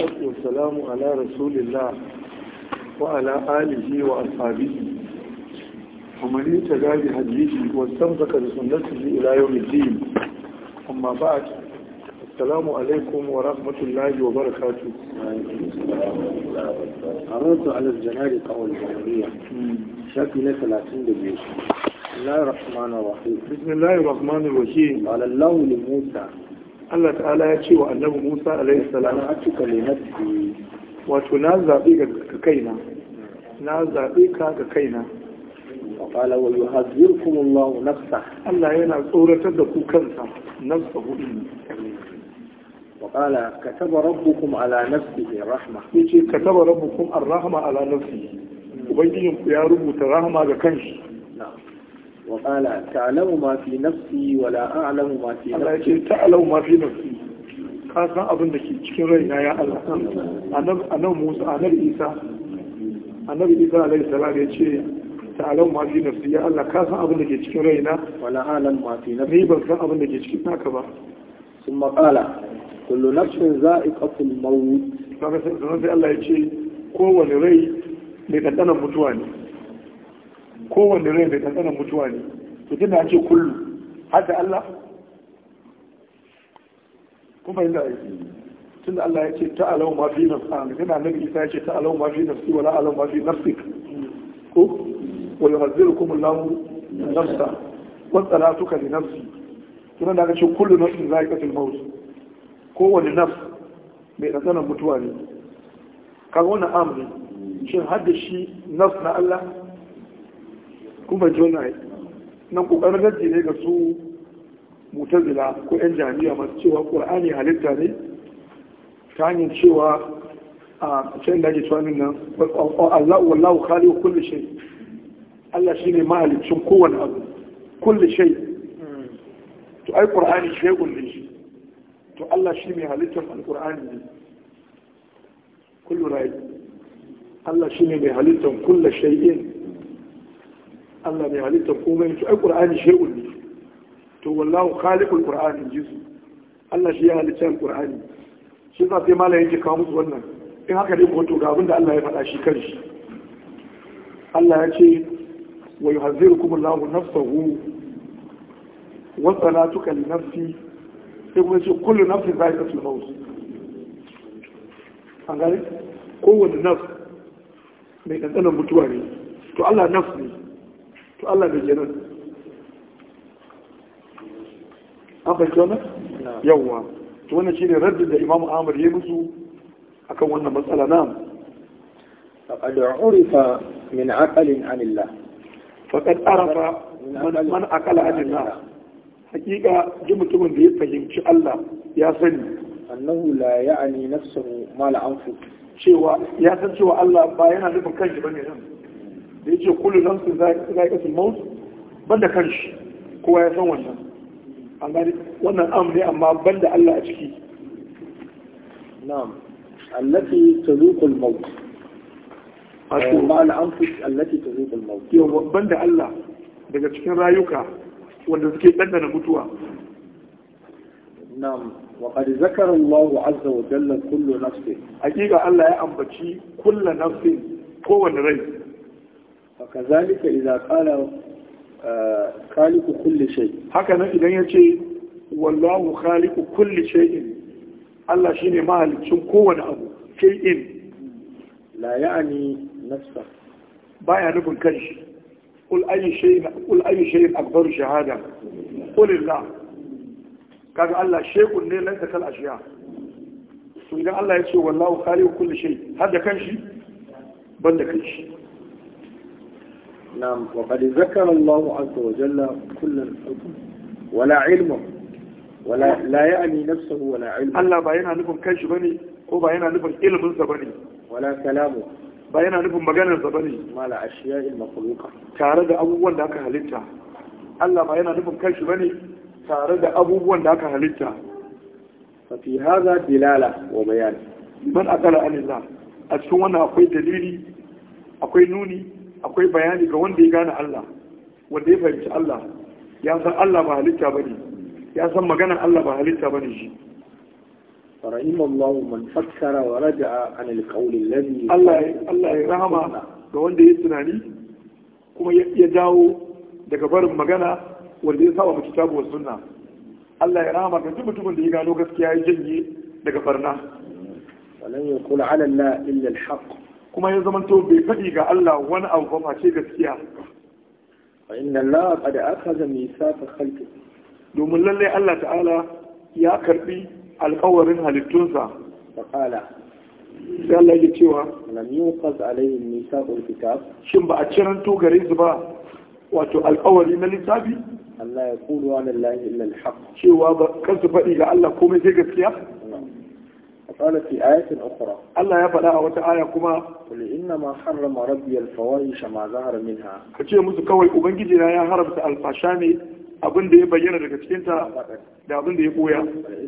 salatu wasalamu ala rasulillah wa ala alihi wa ashabi kamar yi ta gari hadisi wasan zaka da sunnatu bi ila yau amma ba a ci assalamu alaikum wa rahmatullahi wa barakatu a rantu alas janari kawon jamiya shafi na talatin da biyu Bismillahir Rahmanir Rahim. Bismillahir Rahmanir Rahim. Alallahu li Musa Allah ta'ala ya ce wa annabi Musa alaihi salam a cika limati wato na zabe ga kaina na zabe ka ga kaina wa qala wa yuhadhirukum Allah nafsa Allah yana tsoratar da ku kansa nafsa hudu wa qala kataba rabbukum ala nafsihi rahma yace kataba rabbukum ar-rahma ala nafsihi ubangijinku ya rubuta rahma ga kanshi وقال تعلم ما في نفسي ولا اعلم ما في نفسي الله تعلم ما في نفسي كاسا ابن دكي cikin raina ya Allah anan annab Musa annab Isa annab Isa alayhi salam yace ta'lam ma fi nafsi ya Allah kasan abin da ke cikin raina wala alam ma fi nafsi ban san abin da ke cikin naka ba sun maƙala kullu nafsin za'iqatul maut kaga sai Allah ya ce kowane rai mai ƙanƙanan mutuwa ne kowanne rai mai tsantsanin mutuwa ne to tunda ce kullu haka Allah kuma yin da tunda Allah ya ce ta ta'alau ma fi nafsi yana nabi isa ya ce ta'alau ma fi nafsi wala alau ma fi nafsik ko wa yuhazzirukum Allah nafsa wa salatuka li nafsi kuma da ce kullu nafsin za'iqatul maut kowanne nafs mai tsantsanin mutuwa ne kaga wannan amri shin har shi nafs na Allah Kuma fahimci wannan nan kokarin rajji ne ga su mutazila ko yan jami'a masu cewa qur'ani halitta ne ta hanyar cewa a can da ke cewa nan Allah wallahu wa kulli shay Allah shine mahalicin kowane abu kulli shay to ai qur'ani shi ne shi to Allah shi mai halittar alqur'ani ne kullu rai Allah shi ne mai halittar kullu shay'in Allah mai halitta komai to ai Qur'ani shehun ne to wallahu khaliqul Qur'ani jisu Allah shi ya halitta Qur'ani shi za sai malamin yake kawo musu wannan in haka dai ko to ga abin Allah ya faɗa shi kanshi Allah ya ce wa yuhazzirukum Allahu nafsahu wa salatuka li nafsi sai kuma ce kullu nafsi za'iqatul maut an gani kowane nafs mai ɗanɗanon mutuwa ne to Allah nafs ne to Allah bai kenan an fahimci wannan yawwa to wannan shine raddin da Imam Ahmad ya musu akan wannan matsala na faqad urifa min aqalin anillah faqad arafa man aqala anillah hakika duk mutumin da ya fahimci Allah ya sani annahu la ya'ni nafsuhu ma la anfu cewa ya san cewa Allah ba yana nufin kanshi bane nan da ya ce kullu su kasu maut da kanshi kowa ya san wannan an wannan am ne amma ban da Allah a ciki na'am allati tazuqul maut wato ma al'amfus ban da Allah daga cikin rayuka wanda suke ɗanɗana mutuwa na'am وقد ذكر الله عز وجل كل نفس حقيقة الله يا أمبتي كل نفس قوة رأي فكذلك إذا قال خالق كل شيء هكذا إذا يجي والله خالق كل شيء الله شيني مالك شن كون أبو شيء لا يعني نفسه بايع نبن كنش قل أي شيء قل أي شيء أكبر شهادة قل الله كان الله شيء ne lan ta kal ashiya to idan Allah ya ce wallahu khaliqu kulli shay hada kanshi banda kanshi نعم وقد ذكر الله عز وجل كل الحكم ولا علمه ولا لا يعني نفسه ولا علمه الله باينا نفهم كنش بني هو باينا نفهم علم بني ولا كلامه ba yana nufin maganarsa ba ne mala ashiya'il makhluqa tare da abubuwan da aka halitta Allah ba yana nufin kanshi bane tare da abubuwan da aka halitta fa fi hadha dilala wa bayan man aqala an Allah a cikin wannan akwai dalili akwai nuni akwai bayani ga wanda ya gane Allah wanda ya fahimci Allah ya san Allah ba halitta bane ya san maganar Allah ba halitta bane shi فرحم الله من فكر ورجع عن القول الذي الله الله يرحمه ga wanda ya tunani kuma ya dawo daga barin magana wanda ya saba mu kitabu was sunna Allah ya rahama ga duk mutumin da ya gano gaskiya ya janye daga barna walan yaqul ala la illa al kuma ya zama to bai faɗi ga Allah wani abu ba ce gaskiya fa inna Allah qad akhadha mithaqa khalqi domin lalle Allah ta'ala ya karbi alƙawarin halittunsa fa qala sai Allah ya cewa lam yuqaz alaihim mithaqul kitab shin ba a ciranto gare su ba wato alƙawari na littafi Allah ya kulu wa Allah illa alhaq. haq cewa ba kansu faɗi ga Allah komai sai gaskiya وقال في آية أخرى الله يفعل وتا آية كما قل إنما حرم ربي الفواحش ما ظهر منها كوي أبنجي يا هرب abin da ya bayyana daga cikinta da abin da ya koya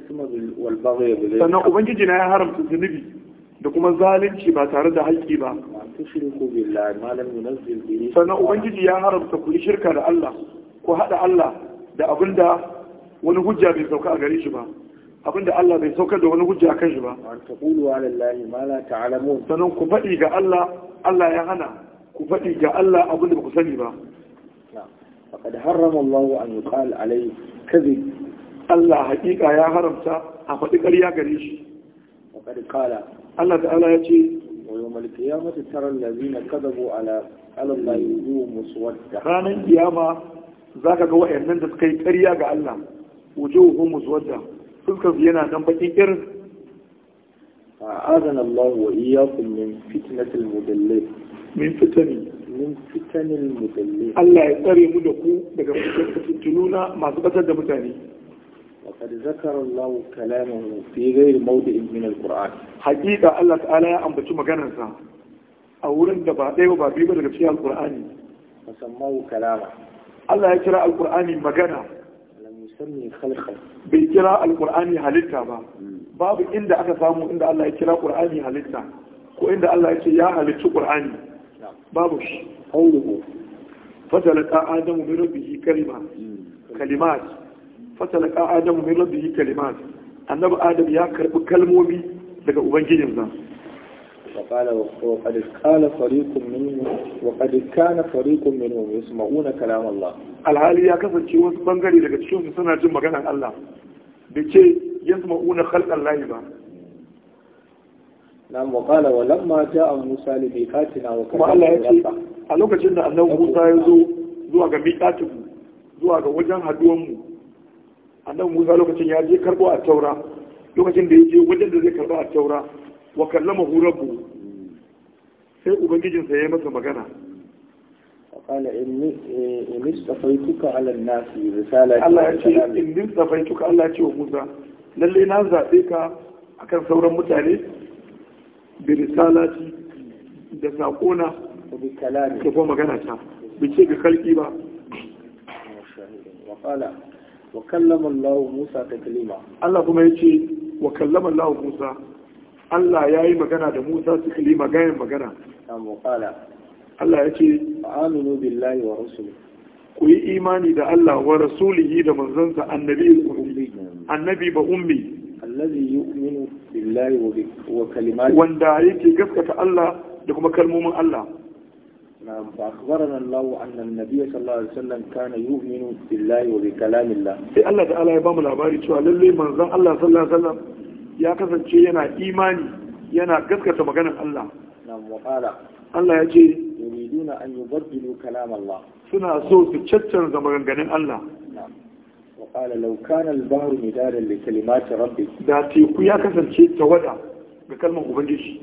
sannan ubangiji na ya haramta zunubi da kuma zalunci ba tare da haƙƙi ba sannan ubangiji ya haramta ku yi shirka da Allah ko haɗa Allah da abin da wani hujja bai sauka a gare shi ba abinda Allah bai saukar da wani hujja kan shi ba an taqulu ala allahi ma la ta'lamun sanan ku faɗi ga Allah Allah ya hana ku faɗi ga Allah abinda ba ku sani ba faqad harrama Allah an yuqal alayhi kadhib Allah haƙiƙa ya haramta a faɗi ƙarya gare shi faqad qala Allah Allah ya ce wa yawmal qiyamati tara allazina kadabu ala ala allahi wujuhum muswadda ranan kiyama zaka ga wa'annan da suka yi ƙarya ga Allah wujuhum wadda. fuskar su yana nan bakin irin a'adana Allah wa iyyakum min fitnatil mudallil min fitani min fitanil Allah ya tsare mu da ku daga fitinuna masu batar da mutane وقد ذكر الله كلامه في غير موضع من القرآن حقيقة الله تعالى يا أمبتش مجنسا أولاً دبعتي وبابيبا لغتشي القرآن فسموه كلاما الله يكرا القرآن مجنسا bai kira Alƙur'ani halitta ba hmm. babu inda aka samu inda Allah ya kira qur'ani halitta ko inda Allah ya ce ya halicci qur'ani babu shi qawluhu fatalaka adamu min rabbihi kalima hmm. kalimat fatalaka adamu min rabbihi kalimat annabi adam ya karbi kalmomi daga ubangijin ubangijinsa وقال وقد قال فريق منهم وقد كان فريق منهم يسمعون كلام الله الحالي wasu bangare daga cikin su suna jin maganar Allah da ce yasma'una khalqan lahi ba nam wa qala wa lamma ja'a Musa li wa kana Allah ya a lokacin da annabi Musa ya zo zuwa ga miqatin zuwa ga wajen haduwan mu annabi Musa lokacin ya je karbo a taura lokacin da ya je wajen da zai karbo a taura wa kallamahu rabbu sai ubangijinsa ya masa magana قال إني إني استفيتك على الناس رسالة الله يأتي إني استفيتك Musa lalle na zabe ka akan sauran mutane bi risalati da bi kalami ko magana ta ce ga kalki ba wa kallama Allah Musa taklima Allah kuma yace wa kallama Allah Musa Allah ya yi magana da Musa su kili magayin magana. Allah ya ce, Aminu billahi wa rasuli. Ku yi imani da Allah wa rasulihi da manzansa annabi Annabi ba ummi. Allazi yu'minu billahi wa kalimati. Wanda yake gaskata Allah da kuma kalmomin Allah. نعم فأخبرنا الله أن النبي صلى الله عليه وسلم كان يؤمن بالله وبكلام الله. Allah ta'ala ya ba mu labari cewa من الله صلى الله عليه وسلم ya kasance yana imani yana gaskata maganar Allah Allah ya ce suna so su caccanza maganganun Allah وقال لو كان البحر مدادا لكلمات ربي دا تيكو يا كسانشي تودا ga kalmar ubangiji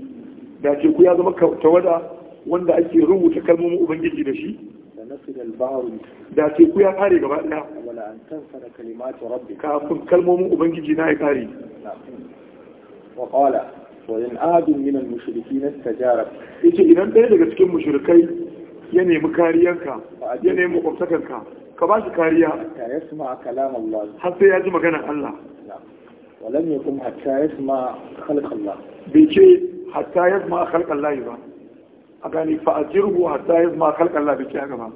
da teku ya zama tawada wanda ake rubuta kalmomin ubangiji da shi da teku ya kare gaba kafin kalmomin ubangiji na ya kare wa qala wa in ahadun min al-mushrikeen istajaraka idan ɗaya daga cikin mushrikai ya nemi kariyanka ya nemi makwabtakanka ka ba shi kariya ta Allah har sai ya ji maganar Allah ولم يكن حتى يسمع خلق الله بيجي حتى يسمع خلق الله يبا أغاني فأجره حتى يسمع خلق الله بيجي أغبا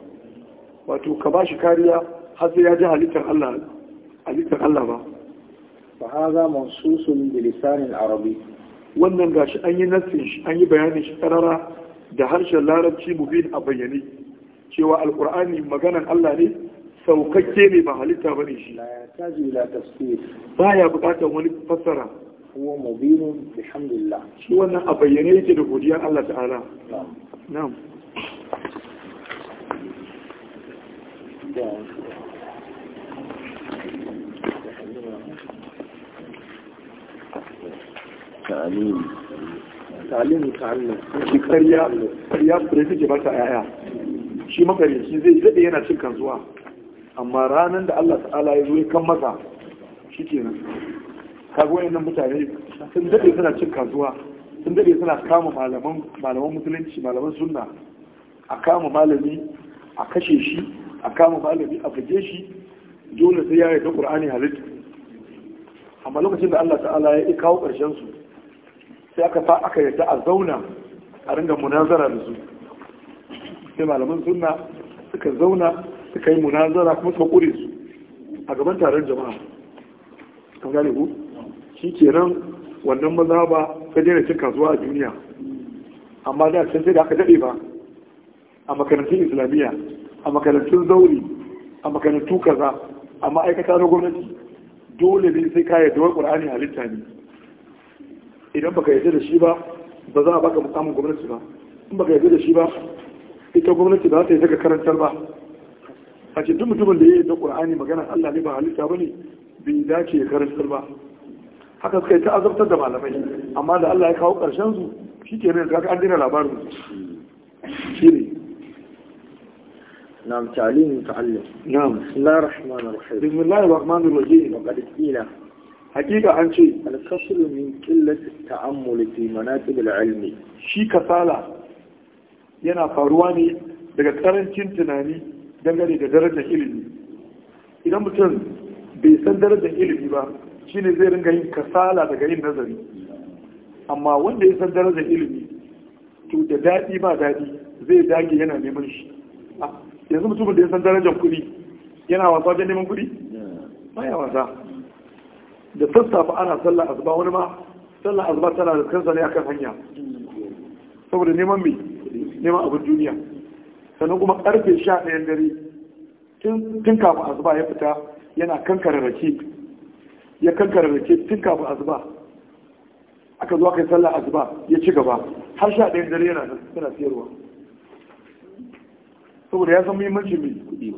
وتو كباش كاريا حتى يجي حليتك الله حليتك الله با fa haza mansusun bi wannan gashi an yi nassin shi an yi bayanin shi karara da harshen larabci mubin a bayyane cewa alkur'ani maganan Allah ne saukakke ne ba halitta bane shi baya bukatar wani fassara huwa mubinun bihamdillah shi wannan a bayyane yake da godiyar Allah ta'ala na'am talimi talimi talimi shi karya karya da take ta yaya shi makarinci zai daɗe yana cin kanzuwa amma ranar da Allah ta'ala ya zo kan masa shi ke nan kaga wayannan mutane sun daɗe suna cin kasuwa sun daɗe suna kama malaman musulunci malaman sunna a kama malami a kashe shi a kama malami a fage shi dole sai ya yi ta qur'ani halittu amma lokacin da Allah ta'ala ya kawo ƙarshen su sai aka fa aka yarda a zauna a ringa munazara da su sai malaman sunna suka zauna suka yi munazara kuma suka kure su a gaban taron jama'a an gane ku shi kenan wannan maza ba ta daina cin kasuwa a duniya amma da can sai da aka daɗe ba a makarantun islamiyya a makarantun zauri a makarantu kaza a ma'aikata na gwamnati dole ne sai ka yarda wa ƙur'ani halitta idan baka yarda da shi ba ba za a baka mukamin gwamnati ba in baka yarda da shi ba ita gwamnati ba za ta yi daga karantar ba a ce duk mutumin da ya yi yarda ƙur'ani magana Allah ne ba halitta ne bai dace ya karantar ba haka suka yi ta azabtar da malamai amma da Allah ya kawo ƙarshen su shi ke nan ga an dina labarin shi ne نعم تعليم متعلم نعم بسم الله الرحمن الرحيم بسم الله الرحمن الرحيم وقد قيل hakika an ce alƙasar min qillat at-ta'ammul fi manaqib al shi kasala yana faruwa ne daga karancin tunani dangane da darajar ilimi idan mutum bai san darajar ilimi ba shine zai ringa yin kasala daga yin nazari amma wanda ya san darajar ilimi to da daɗi ba daɗi zai dage yana neman shi ah, yanzu mutumin da ya san darajar kuɗi yana wasa wajen neman kuɗi ba ya wasa da sassafe ana sallar asuba wani ma sallar asuba tana da kansa ne akan hanya saboda neman mai neman abin duniya sannan kuma karfe sha ɗayan dare tun kafin asuba ya fita yana kankara rake ya kankara rake tun kafin asuba aka zo kai yi sallar asuba ya ci gaba har sha ɗayan dare yana tana siyarwa saboda ya san muhimmancin mai kuɗi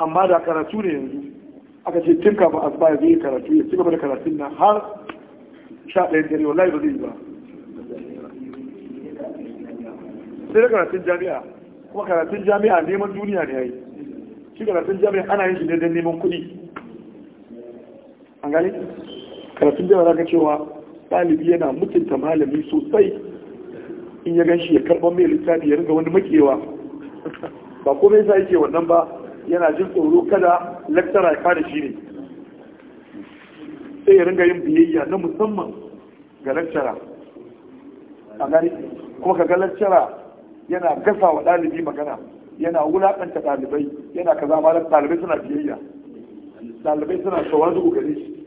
amma da karatu ne yanzu aka ce tun kafin asuba ya zai karatu ya ci gaba da karatun nan har sha ɗaya dare wallahi ba zai ba sai da karatun jami'a kuma karatun jami'a neman duniya ne ya yi shi karatun jami'a ana yin shi ne don neman kuɗi an gani karatun jami'a za ka cewa ɗalibi yana mutunta malami sosai in ya gan shi ya karɓar mai littafi ya riga wani makewa ba komai sa yake wannan ba yana jin tsoro kada lektara ya kare shi ne sai ya ringa yin biyayya na musamman ga lektara a gani kuma ka ga yana gasa wa ɗalibi magana yana wulaƙanta ɗalibai yana kaza ma ɗalibai suna biyayya ɗalibai suna tawazu gare shi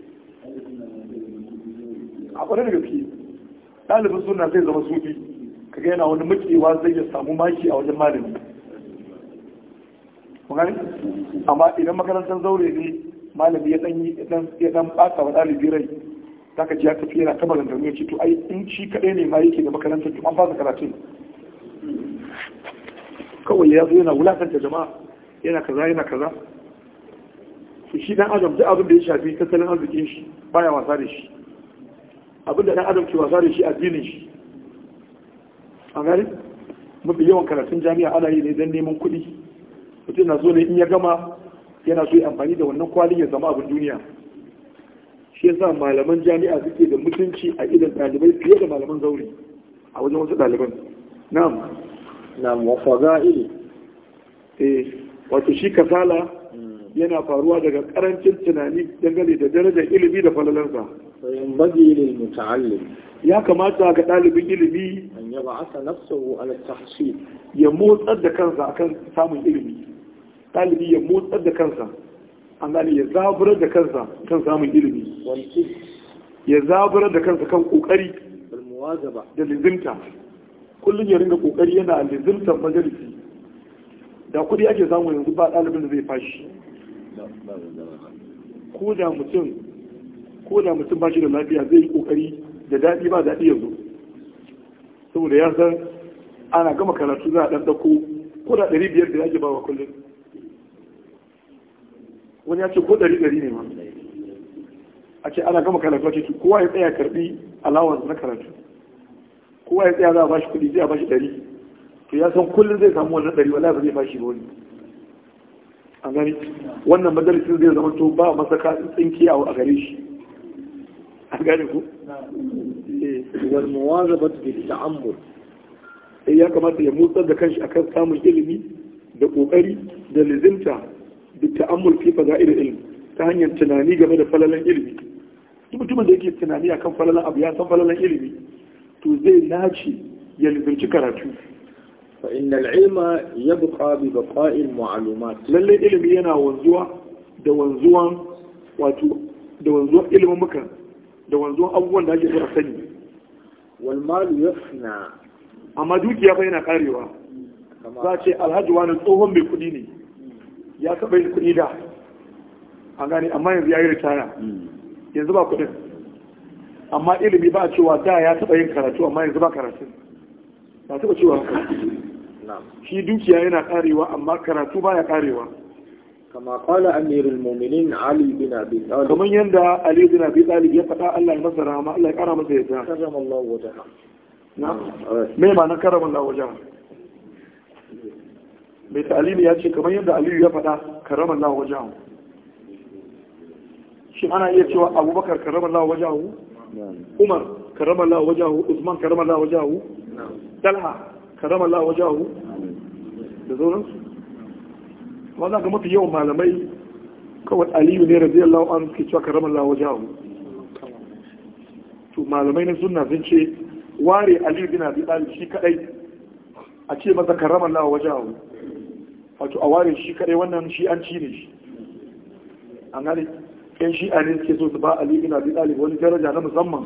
a da gaske ɗalibin suna zai zama sufi kaga yana wani makewa zai ya samu maki a wajen malami amma idan makarantar zaure ne malami ya dan ya dan baka wa dalibi rai zaka ji ya tafi yana ta da ya ce to ai in ci kadai ne ma yake da makarantar to an karatu ne. kawai ya zo yana wulakanta jama'a yana kaza yana kaza to shi dan adam duk abin da ya shafi tattalin arzikin shi baya wasa da shi abin da dan adam ke wasa da shi addinin shi a gari mafi yawan karatun jami'a ana yi ne don neman kuɗi mutum na so ne in ya gama yana so ya amfani da wannan kwalin ya zama abin duniya shi yasa malaman jami'a suke da mutunci a idan dalibai fiye da malaman zauri a wajen wasu daliban. na'am na'am wa fada'il eh wato shi kasala yana faruwa daga karancin tunani dangane da darajar ilimi da falalansa in baji lil muta'allim ya kamata ga ɗalibin ilimi an yaba asa nafsuhu ala tahsil ya motsar da kansa akan samun ilimi ɗalibi ya motsar da kansa an gane ya zaburar da kansa kan samun ilimi ya zaburar da kansa kan ƙoƙari da lizimta kullum ya ringa ƙoƙari yana lizimtar majalisi da kuɗi ake samu yanzu ba ɗalibin da zai fashi ko da mutum ba shi da lafiya zai yi ƙoƙari da daɗi ba daɗi yanzu saboda ya san ana gama karatu za a ɗan ɗauko ko da ɗari biyar da ke ba wa kullum wani ya ce ko ɗari ɗari ne ma a ce ana gama karatu ce kowa ya tsaya karɓi alawar na karatu kowa ya tsaya za a bashi kuɗi zai a bashi ɗari to ya san kullum zai samu wannan ɗari wala ba zai bashi ba wani an gani wannan majalisin zai zama to ba masaka tsinkiya a gare shi an gane ku eh. wal muwazabatu bil ta'ammul sai eh, ya kamata ya mutsar da kanshi akan samun ilimi da kokari da lizinta da بالتأمل ta hanyar tunani game da قبل فللا duk mutumin da yake tunani akan falalan abu ya san falalan ilimi to zai nace ya lizurci karatu fa innal ilma yabqa bi baqa'il ma'lumat lalle ilimi yana wanzuwa da wanzuwan wato da wanzuwan ilimin muka da wanzuwan abubuwan da ake so sani wal malu yafna amma dukiya fa yana karewa za a ce alhaji wani tsohon mai kudi ne ya taɓa yin kuɗi da a gane amma yanzu ya yi ritaya hmm. yanzu ba kuɗin amma ilimi ba cewa da ya taɓa yin karatu amma yanzu ba karatu ba taɓa cewa shi dukiya yana karewa amma karatu ba ya karewa kama kwala amirul mu'minin ali bin abi talib kaman yanda ali bin abi talib ya faɗa Allah ya masa rahama Allah ya kara masa yarda karamallahu wajha na me ma na karamallahu wajha mai ta'alili ya ce kamar yadda aliyu ya faɗa karamar lawa wajen hu shi ana iya cewa abubakar karamar lawa wajen hu umar karamar lawa wajen hu usman karamar lawa wajen hu talha karamar lawa wajen hu da sauransu ma za ka mafi yawan malamai kawai aliyu ne radiyallahu an suke cewa karamar lawa wajen hu to malamai na sunna sun ce ware aliyu bin abi talib shi kadai a ce masa karamar lawa wajen hu wato a ware shi kare wannan shi an ci ne shi an gani yan shi a ne suke so su ba ali na abi talib wani daraja na musamman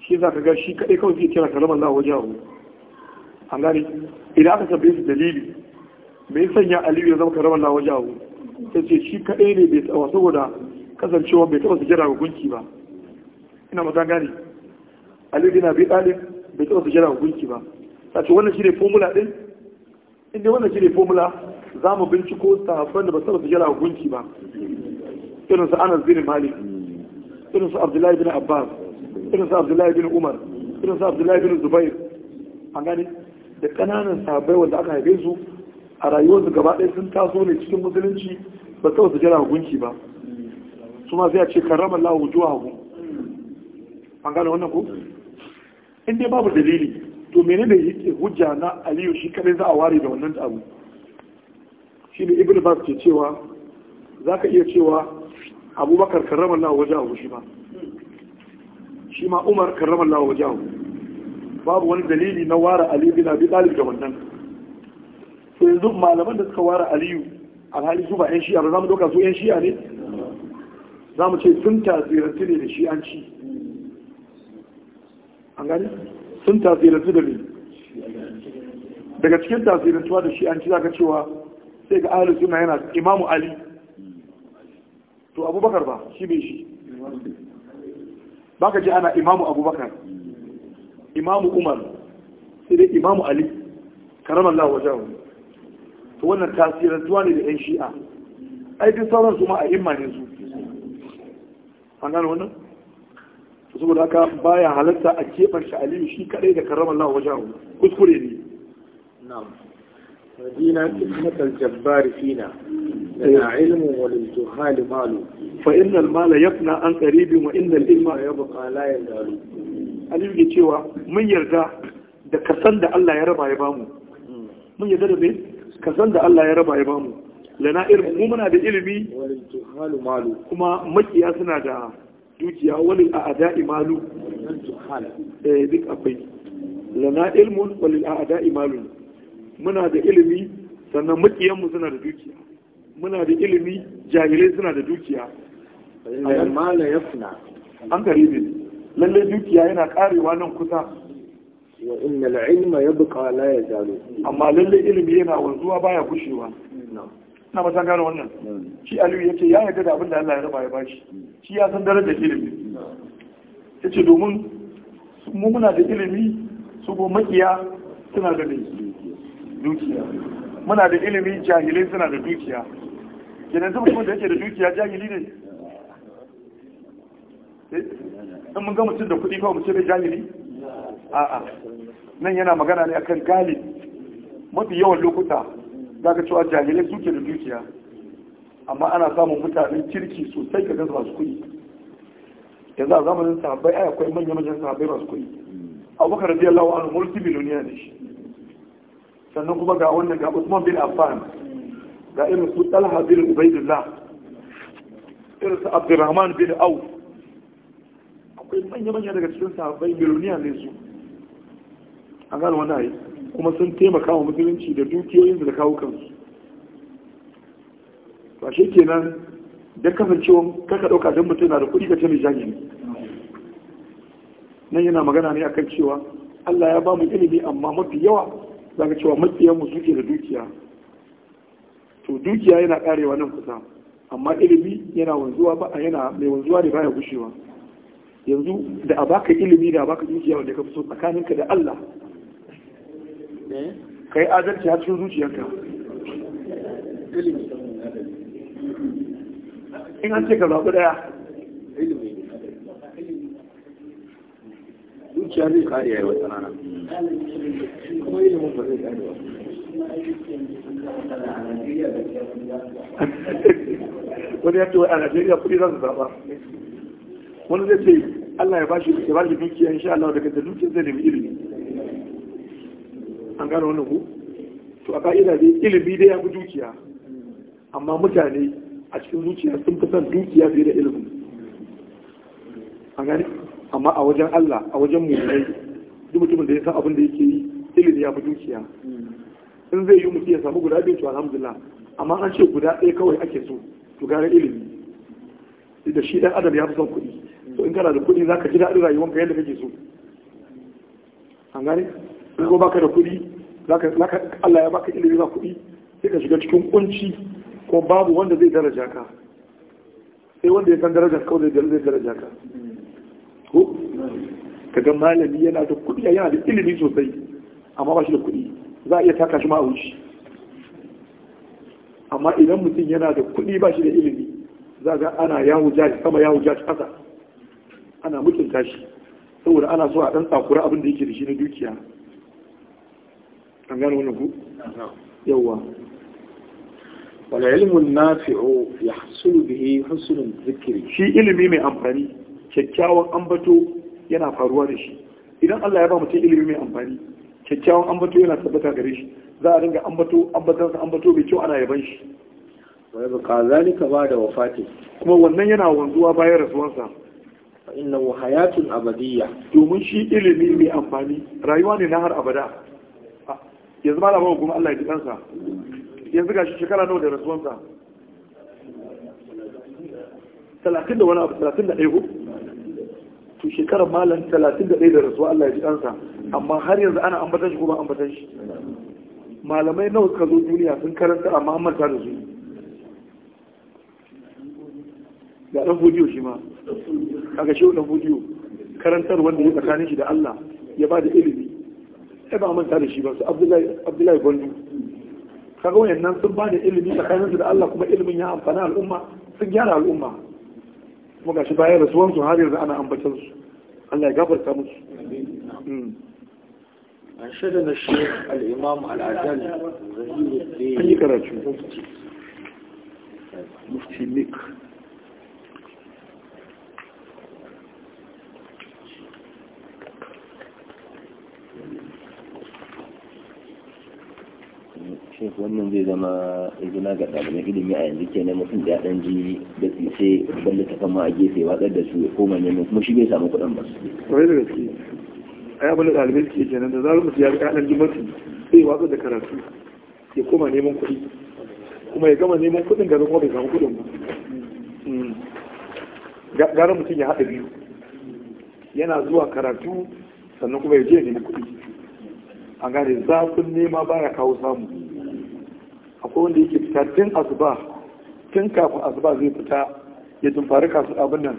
shi za ka ga shi kaɗai kawai zai kira kalamar lawa wajen abu an gani idan aka tambaye su dalili me ya sanya ali ya zama kalamar lawa wajen abu ta ce shi kaɗai ne bai tsawa saboda kasancewa bai su jira ga gunki ba ina mata gani. ali bin abi talib bai su jira ga gunki ba ce wannan shi ne formula ɗin inda wannan shi ne formula za mu binciko sahabban da ba saba su jira hukunci ba irin su anas bin malik irin su abdullahi bin abbas irin su abdullahi bin umar irin su abdullahi bin zubair an gane da kananan sahabbai wanda aka haife su a rayuwarsu gaba ɗaya sun taso ne cikin musulunci ba saba su jira hukunci ba su ma sai a ce karrama lahu juwa hagu an gane wannan ko in dai babu dalili to menene yake hujja na aliyu shi kadai za a ware da wannan abu shi ne ibn bas ke cewa za ka iya cewa abubakar karramar lawa waje abu shi ma shi ma umar karramar lawa waje abu babu wani dalili na ware aliyu bin abi dalib da wannan to yanzu malaman da suka ware aliyu alhali su ba yan shi'a ba za mu doka su yan shi'a ne za mu ce sun tasirantu ne da shi'anci an gani sun tasirantu da ne daga cikin tasirantuwa da shi an ci zaka cewa sai ga ahalin suna yana imamu ali to abubakar ba shi ne shi Ba ka ji ana imamu abubakar imamu umar sai dai imamu ali karamar jawo to wannan tasirantuwa ne da 'yan shi'a aikin sauransu ma a imma ne su an gano wannan saboda haka baya halatta a keɓar shi aliyu shi kadai da karrama Allah wa jahu kuskure ne na'am ودينا قسمة الجبار فينا لنا علم وللجهال مال فإن المال يفنى عن قريب وإن ilma yabqa la يزال Aliyu ke cewa mun yarda da kasan da Allah ya raba ya bamu mun yarda da me kasan da Allah ya raba ya bamu lana ilmu mu muna da ilimi kuma makiya suna da dukiya wani a ada imalu eh duk akwai lana ilmun wani a ada imalu muna da ilimi sannan makiyanmu suna da dukiya muna da ilimi jahilai suna da dukiya ya suna an ne. lalle dukiya yana karewa nan kusa wa innal ilma yabqa la yazalu amma lalle ilimi yana wanzuwa baya gushewa na'am na ba gano wannan shi aliyu ya ce ya yarda da abin da Allah ya raba ya bashi shi ya san darajar ilimi ya ce domin mu muna da ilimi su go makiya suna da dukiya muna da ilimi jahilai suna da dukiya kenan zama kuma da yake da dukiya jahili ne eh? in mun ga mutum da kuɗi kawai mutum da jahili a'a nan yana magana ne akan galib mafi yawan lokuta za ka cewa jahilai suke da dukiya amma ana samun mutanen kirki sosai ka gaza masu kuɗi yanzu a zamanin sahabbai ai akwai manya manyan sahabbai masu kuɗi abubakar radiyallahu anhu multi biloniya ne shi sannan kuma ga wannan ga Usman bin Affan ga irin su Talha bin Ubaidillah irin su Abdurrahman bin Auf akwai manya manya daga cikin sahabbai biloniya ne su an gano wannan ayi kuma sun taimaka wa musulunci da dukiyoyinsu da kawo kansu to ke kenan da kasancewa kaka ɗauka don mutum na da kuɗi ka ce mai jahili nan yana magana ne akan cewa Allah ya ba mu ilimi amma mafi yawa za ka cewa makiyanmu suke da dukiya to dukiya yana karewa nan kusa amma ilimi yana wanzuwa ba a yana mai wanzuwa ne baya gushewa yanzu da a baka ilimi da a baka dukiya wanda ka fi so tsakaninka da Allah ka yi adalci har cikin zuciyarka in an ce ka zaɓi ɗaya zuciya zai kare yayi wata rana kuma ilimin ba zai kare wani ya ce wa a najeriya kuɗi za su zaɓa wani zai ce allah ya ba shi ya ba shi dukiya insha allah daga da dukiyar zai nemi ilimi an gano wani ku to a ka'ida dai ilimi dai ya fi dukiya amma mutane a cikin zuciya sun fi son dukiya fiye da ilimi an gani amma a wajen Allah a wajen mummai duk mutumin da ya san abin da yake yi ilimi ya fi dukiya in zai yi mutum ya samu guda biyu to alhamdulillah amma an ce guda ɗaya kawai ake so to gara ilimi da shi ɗan adam ya fi son kuɗi to in kana da kuɗi za ka ji daɗin rayuwanka yadda kake so an gani in ko baka da kuɗi Allah ya baka ilimi ba kuɗi sai ka shiga cikin kunci ko babu wanda zai daraja ka sai wanda ya san darajar kawai zai daraja ka ko kaga malami yana da kuɗi a, yana da ilimi sosai amma ba shi da kuɗi za a iya taka shi ma a wuce amma idan mutum yana da kuɗi ba shi da ilimi za ga ana yawo jaji sama yawo jaji ƙasa ana mutunta shi saboda ana so a ɗan tsakura abin da yake da shi na dukiya an gano wani ku yawa wala na nafi'u ya hasulu bihi hasulun zikiri shi ilimi mai amfani kyakkyawan ambato yana faruwa da shi idan Allah ya ba mutum ilimi mai amfani kyakkyawan ambato yana tabbata gare shi za a dinga ambato ambatansa ambato mai kyau ana yaban shi wani buka zalika ba da wafati kuma wannan yana wanzuwa bayan rasuwansa innahu hayatun abadiyya domin shi ilimi mai amfani rayuwa ne na har abada yanzu ma labawa kuma Allah ya ji kansa yanzu ga shi shekara nawa da rasuwansa talatin da wani abu talatin da ɗaya ko to shekarar malam talatin da ɗaya da rasuwa Allah ya ji kansa amma har yanzu ana ambatan shi kuma ambatan shi malamai nawa suka zo duniya sun karanta amma an manta da su ga ɗan fujiyo shi ma ga shi ɗan fujiyo karantar wanda ya tsakanin shi da Allah ya ba da ilimi sai ba manta da shi ba su abdullahi gondi kaga nan sun ba da ilimi tsakaninsu da Allah kuma ilimin ya amfana al'umma sun gyara al'umma kuma gashi bayan su har yanzu ana ambatar su Allah ya gafarta musu hmm. an shaida na shi al'imam al'adal zahiri da yi karatu wannan zai zama izina ga ɗalibin ilimi a yanzu ke mutum da ɗan ji da tsise balle ta kama a gefe watsar da su ya koma neman kuma shi bai samu kuɗin ba. da gaske, ɗalibai suke kenan da zarar mutum ya ga ɗan ji mutum da karatu ya koma neman kuɗi kuma ya gama neman kuɗin garin kuma bai samu kuɗin ba. Hmm. Gara mutum ya haɗa biyu yana zuwa karatu sannan kuma ya je ya nemi kuɗi. a gane zafin nema baya kawo samu akwai wanda yake fita tun asuba tun kafin asuba zai fita ya tumfari kasu abin nan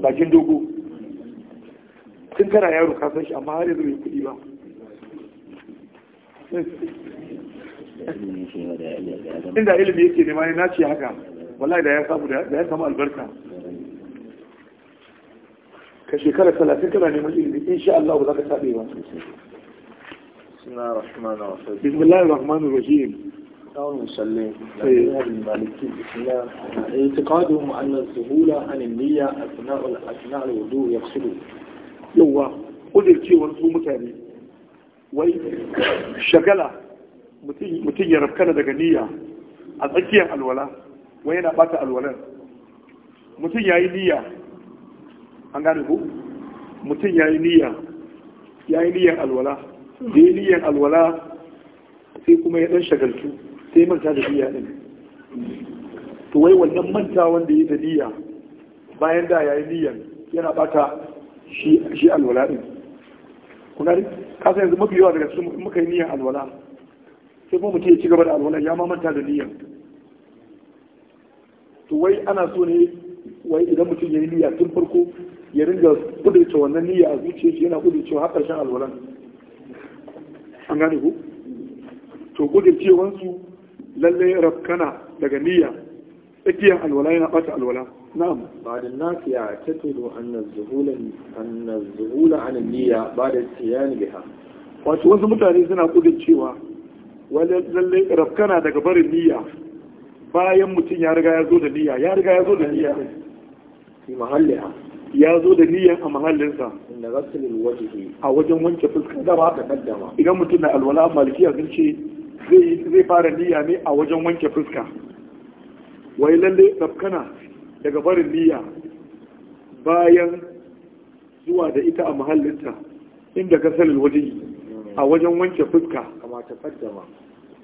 bakin dogo tun kana yaro ka san shi amma har yanzu bai kuɗi ba inda ilimi yake nema ne na ce haka wallahi da ya samu da ya samu albarka ka shekara talatin kana neman ilimi insha Allah ba za ka taɓe ba بسم بسم الله الرحمن الرحيم قول مسلم مذهب المالكي اعتقادهم أن السهولة عن النية أثناء أثناء الوضوء يوا قدر شيء وي شغلة mutum ya daga niyya a tsakiyar alwala wai yana mutum ya yi niyya an gane mutum ya yi niyya ya yi niyyar alwala niyyar alwala sai kuma ya dan shagaltu sai manta da niyya din to wai wannan manta wanda yi da niyya bayan da yayi niyyan yana bata shi shi alwala din kuna ne ka san yanzu mafi yawa daga cikin muka yi niyyar alwala sai kuma mutum ya ci gaba da alwala ya ma manta da niyyan to wai ana so ne wai idan mutum ya yi niyya tun farko ya ringa kudurce wannan niyya a zuciya shi yana kudurce har ƙarshen alwalan an gane ku to kudurcewansu lalle rafkana daga niyya tsakiyar alwala yana bata alwala na'am ba da nafiya ta tudu anna zuhula anna zuhula an niyya ba da tiyani biha wato wasu mutane suna kudin cewa wala lalle rafkana daga barin niyya bayan mutum ya riga ya zo da niyya ya riga ya zo da niyya fi mahalliha ya zo da niyya a mahallinsa inda rasulul wajhi a wajen wanke fuska da ba ta kaddama idan mutum na alwala malikiya sun ce zai fara niyya ne a wajen wanke fuska wai lalle tsafkana daga barin niyya bayan zuwa da ita a mahallinta inda ka sanin waje a wajen wanke fuska kama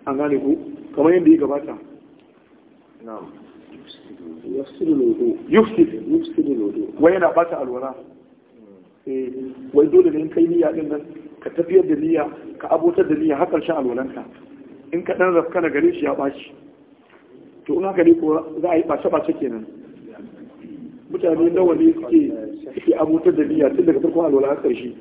ta gane ku kamar yadda ya gabata wai yana bata alwara eh, wai dole ne kai niyya din nan ka tafiyar da niyya ka abotar da niyya hakan karshen alwalanka in ka ɗan rafka na gani shi ya ɓaci to in haka ne ko za a yi ɓace-ɓace kenan mutane nawa ne suke suke abutar da niyya tun daga farkon alwala har ƙarshe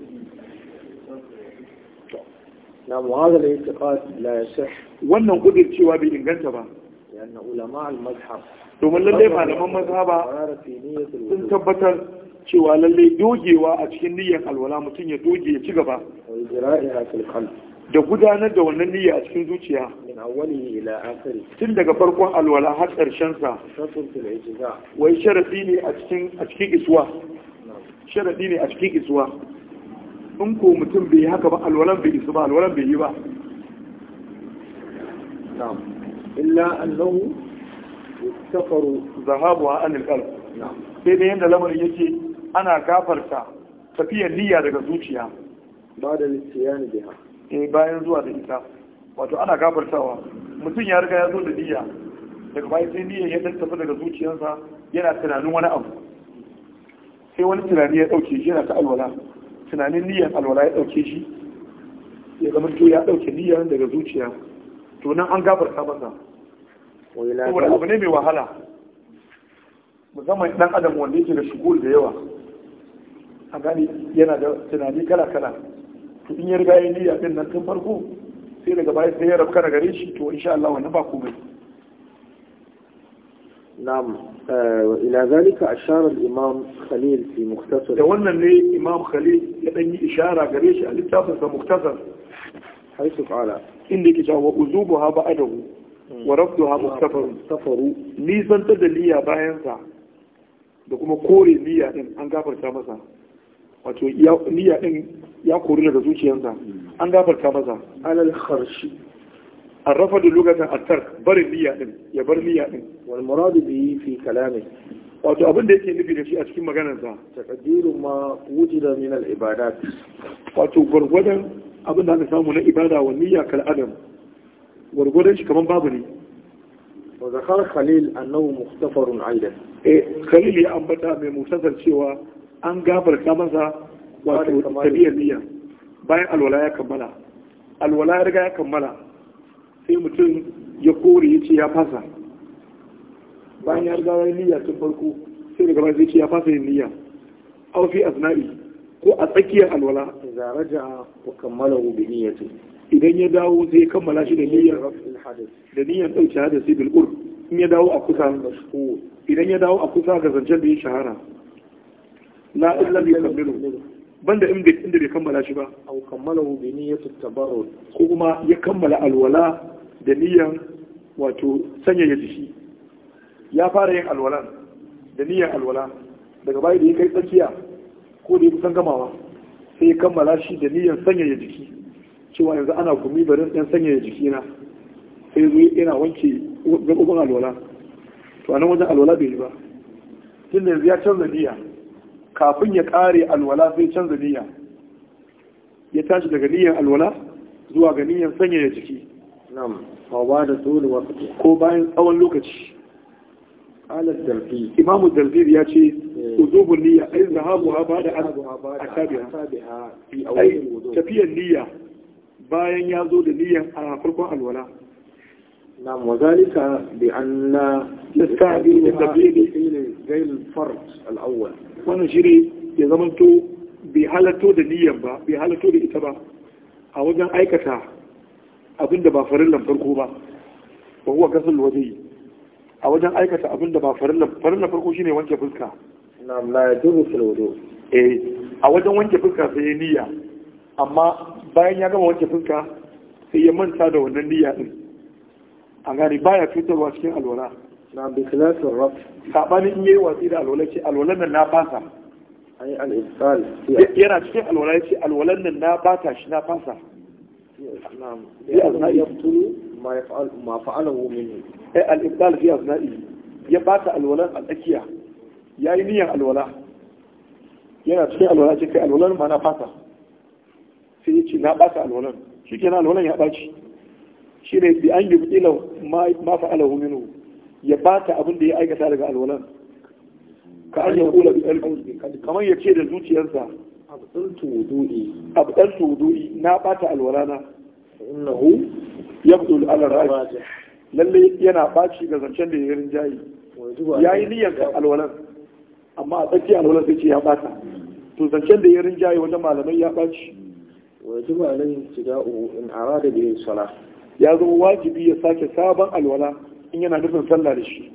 na da ya taɓa la ya wannan gudun cewa bai inganta ba domin علماء ba domin lallai malaman mazhaba sun tabbatar cewa lallai dogewa a cikin niyyar alwala mutum ya doge ya ci gaba da gudanar da wannan niyya a cikin zuciya tun daga farkon alwala har ƙarshensa wai sharaɗi ne a cikin isuwa sharaɗi ne a cikin isuwa in ko mutum bai yi haka ba alwalan bai isu ba alwalan bai yi ba illa annahu safaru zahabu an alqalb sai dai yanda lamarin yake ana gafarta tafiyar niyya daga zuciya ba da liyani biha eh bayan zuwa da ita wato ana gafartawa mutum ya riga ya zo da niyya daga bayan sai niyyar ya dan tafi daga zuciyarsa yana tunanin wani abu sai wani tunani ya dauke shi yana ta alwala tunanin niyyar alwala ya dauke shi ya zama to ya dauke niyyar daga zuciya to nan an gafarta masa saboda abu ne mai wahala musamman dan adam wanda yake da shugul da yawa a gani yana da tunani kala kala in ya riga ya niyya din nan tun farko sai daga baya sai ya rabka daga gare shi to insha Allah wannan ba komai نعم إلى ذلك أشار الإمام خليل في مختصر دولنا لي إمام خليل لأني إشارة قريش الاتفاق في مختصر حيث فعلا إني كتاب وأذوبها بعده ورفضها مختصر مختصر نيزا تدليا باينسا دكما كوري ليا إن أنقابر masa. wato niyya din ya kori daga zuciyarsa an gafarta masa alal kharshi arrafa da lokacin attar barin niyya din ya bar niyya din wal muradu bi fi kalami wato abin da yake nufi da shi a cikin maganarsa taqdiru ma wujida min al ibadat wato gurgurdan abin da aka samu na ibada wa niyya kal adam gurgurdan shi kaman babu ne wa zakar khalil annahu mukhtafarun aidan eh khalil ya ambata mai muktasar cewa an gafarta masa wato tabiyar niyya bayan alwala ya kammala alwala ya riga ya kammala sai mutum ya kore ya ce ya fasa bayan ya riga ya niyya tun farko sai daga bayan zai ce ya fasa yin niyya au fi azna'i ko a tsakiyar alwala za raja ko kammala bi niyyati idan ya dawo sai ya kammala shi da niyyar da niyyar dauke hadisi bil in ya dawo a kusa idan ya dawo a kusa ga zancen da ya shahara Na illa bi kammilu banda inda inda bai kammala shi ba aw kammalahu bi niyyati tabarrud ko kuma ya kammala alwala da niyyan wato sanyaya jiki ya fara yin alwalan da niyyan alwala daga baya da ya kai tsakiya ko da ya kusan gamawa sai ya kammala shi da sanya sanyaya jiki cewa yanzu ana gumi barin ɗan sanyaya jiki na sai zai yana wanke gaɓoɓin alwala to a nan wajen alwala bai yi ba tun da yanzu ya canza niyya kafin ya ƙare alwala sai canza niyya ya tashi daga niyyar alwala zuwa ga niyyar sanyaya jiki ko bayan tsawon lokaci imamu dalbir ya ce eh. uzubun niyya ai zahabu ha ba da Ai tafiyar niyya bayan ya zo da niyyar a farkon alwala نعم وذلك بأن التعبير حين زي الفرد الأول وانا جري يزمنتو بحالته دنيا با بحالته دي اتبا اوجا ايكتا abin da ba farillan farko ba ba kuwa gasar waje yi a wajen aikata abin da ba farillan farillan farko shine wanke fuska na la ya duru filodo eh a wajen wanke fuska sai niyya amma bayan ya gama wanke fuska sai ya manta da wannan niyya ɗin. a gani baya fitarwa cikin alwala na bi khilasin raf sabani in yi watsi da alwala ce alwalan nan na fasa ai yana cikin alwala ya ce alwalan nan na bata shi na fasa na'am ya azna yaftulu ma yaf'al ma fa'alahu minni ai eh, al ibdal fi ya bata alwalan a tsakiya yayi niyyar alwala yana cikin alwala ce kai alwalan ma na fasa sai ya ce na bata alwalan shikenan alwalan ya baci shi ne bi an yubtila ma fa'alahu minhu ya ba ta abin da ya aikata daga alwalan ka an yaqula bi qalbi kamar yace da zuciyarsa abdaltu wudu'i abdaltu wudu'i na bata alwalana innahu yabdul ala rajih lalle yana baci ga zancen da ya yayin jayi yi niyyar ka alwalan amma a tsakiyar alwalan sai ce ya bata to zancen da ya yi jayi wajen malamai ya baci wa yajibu alayhi ibtida'u in arada bihi salah ya zama wajibi ya sake sabon alwala in yana nufin sallah da shi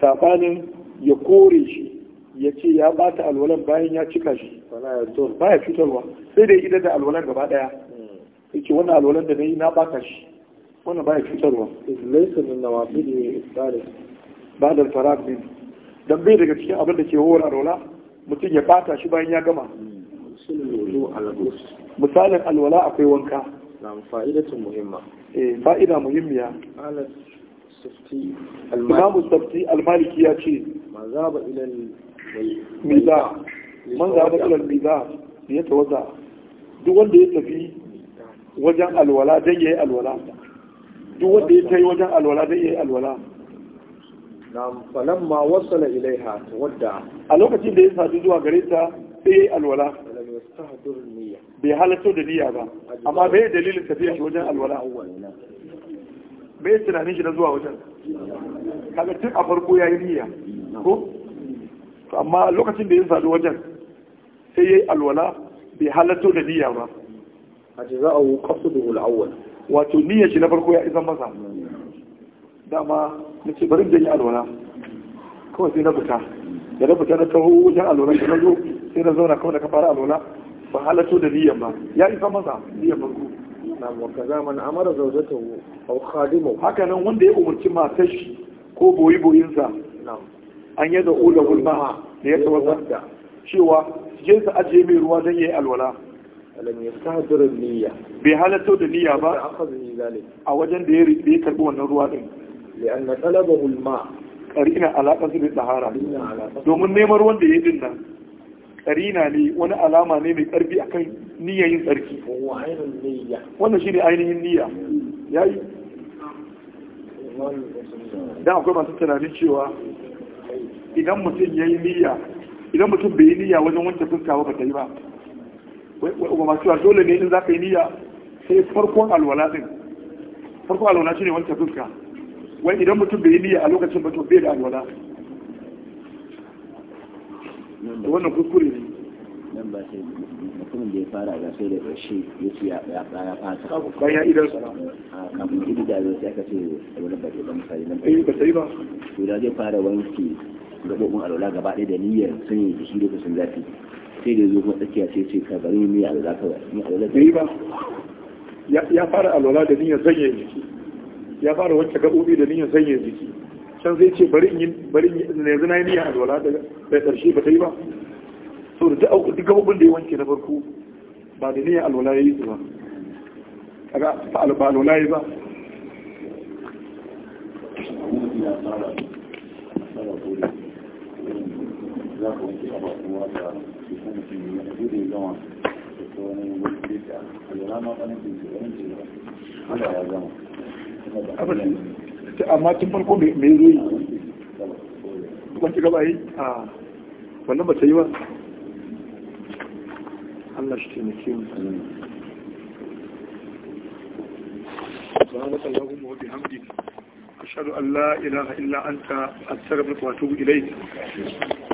sabanin ya kore shi ya ce ya bata alwalan bayan ya cika shi ba ya cutarwa sai dai idan da alwalan gaba daya hmm. ya ce wannan alwalan da na yi na bata shi wannan ba ya cutarwa laisa min nawafili isbali ba da faraq din dan bai daga cikin abin da ke hawar alwala mutum ya bata shi bayan ya gama hmm. misalin alwala akwai wanka نعم فائدة مهمة إيه فائدة مهمة قال السفتي المالكي إمام السفتي المالكي يأتي ما ذهب إلى الميزان duk wanda ya tafi wajen alwala don ya yi alwala duk wanda ya tafi wajen alwala don ya yi alwala wadda a lokacin da ya sadu zuwa gare ta ya yi alwala bai halatto da niyya ba amma bai yi dalilin tafiya shi wajen alwala bai yi tunanin shi na zuwa wajen kaga tun a farko ya yi niyya ko amma lokacin da ya sadu wajen sai ya yi alwala bai halatto da niyya ba a ce za a wu kasu da wul'awwal wato niyya shi na farko ya isan masa dama na ce bari da yi alwala kawai sai na fita da na fita na taho wajen alwala da na zo sai na zauna kawai da ka fara alwala ba halatto da niyan ba ya isa masa niyan farko na wakaza man amara zaujatahu aw khadimu haka nan wanda ya umarci matar shi ko boyi boyinsa an yadda ula gulma da ya tawazzata cewa je su ajiye mai ruwa don yayi alwala alam yastahdir niyya bai halatto da niyya ba a wajen da ya karbi wannan ruwa din li'anna talabahu al-ma' karina alaƙa su da tsahara domin neman wanda ya dinna karina ne wani alama ne mai ƙarfi akan niyyayin tsarki wannan shi ne ainihin niyya ya yi da akwai masu tunanin cewa idan mutum ya yi niyya idan mutum bai yi niyya wajen wanke fuska ba ta yi ba wa masu dole ne in za ka yi niyya sai farkon alwala din farkon alwala shi ne wanke fuska wai idan mutum bai yi niyya a lokacin ba to bai da alwala da wannan kuskure ne nan ba sai mutumin da ya fara ga sai da ƙarshe ya ci ya tsaya fata bayan idan sa kafin kidi da zai sai aka ce wani ba da misali nan ba eh, ba sai ba to da zai fara wanki gabobin alwala gaba ɗaya da niyyar sanya jiki kusan zafi sai da zo kuma tsakiya sai ce ka bari a alwala kawai ni alwala ba ya fara alwala da niyyar sanya jiki ya fara wacce gaɓoɓi da niyyar sanya jiki can zai ce bari in yi bari in yanzu na yi niyyar alwala da ƙarshe ba ta yi ba so da duk gaɓoɓin da ya wanke na farko ba da niyyar alwala ya yi su ba kaga ba alwala ya ba za ka wanke da da wani wani ya gama amma tun farko mai zo yi kwanci gaba yi a wannan ba ta yi ba Allah shi taimake mu سبحانك اللهم وبحمدك أشهد أن an إله إلا أنت أستغفرك وأتوب